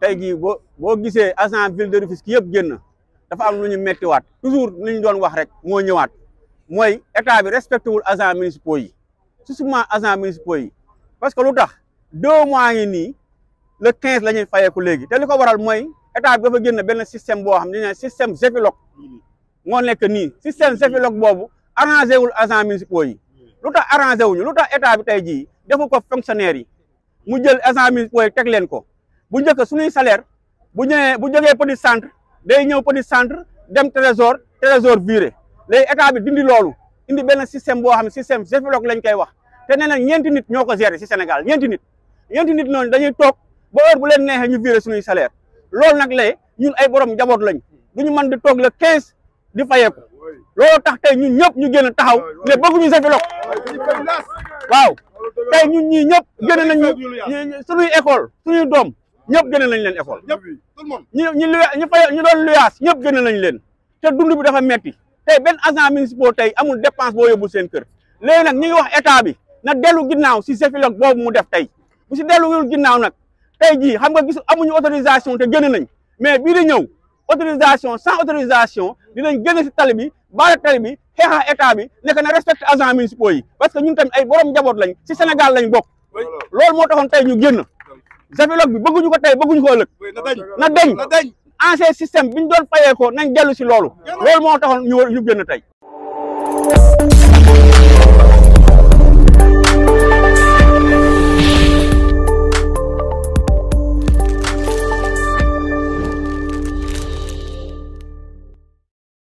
tey jii boo boo gisee agent ville de Rufisque yëpp génn dafa am lu ñu méttiwaat toujours li ñu doon wax rek moo ñëwaat mooy état bi respecté wul agent municipaux yi surtout agent municipaux yi parce que lu tax deux mois ngi nii le quinze la ñuy fayeeku léegi te li ko waral mooy état bi dafa génn benn système boo xam ne ne système Gefilog moo nekk nii système Gefilog boobu arrangé wul agent municipaux yi lu tax arrangé wuñu lu tax état bi tey jii deful ko fonctionnaire yi mu jël agent municipaux yi teg leen ko bu njëkk suñuy salaire bu ñëwee bu jógee petit centre day ñëw petit centre dem trésor trésor viré léegi état bi dindi loolu indi benn système boo xam ne système Gefilog lañ koy wax te nee na ñeenti nit ñoo ko gérer si Sénégal ñeenti nit ñeenti nit noonu dañuy toog ba heure bu leen neexee ñu viré suñuy salaire loolu nag lay ñun ay borom njaboot lañ du ñu mën di toog le quinze di fayeeku loolu tax tey ñun ñëpp ñu génn taxaw ne bëgguñu Gefilog waaw tey ñun ñii ñëpp génn nañu suñuy école suñuy doom ñëpp gënal nañ leen école ñëpp tout le monde ñu ñu lu ñu fay ñu doon luyaas ñëpp gënal nañ leen te dund bi dafa metti tey benn agent municipal tey amul dépense boo yóbbul seen kër léegi nag ñu ngi wax état bi na dellu ginnaaw si Zefilong boobu mu def tey bu si dellu ginnaaw nag tey jii xam nga gis amuñu autorisation te gën nañ mais bii di ñëw autorisation sans autorisation dinañ génn si tali bi baara tali bi xeexa état bi nekk na respecté agent municipaux yi parce que ñun tamit ay borom njaboot lañ si Sénégal lañ bokk loolu moo taxoon tey ñu génn Jafilog bi bëgguñu ko tey bëgguñu ko ëllëg na deñ ancien système bi ñu doon fayee nañ dellu si loolu loolu moo taxoon ñu ñu génn tey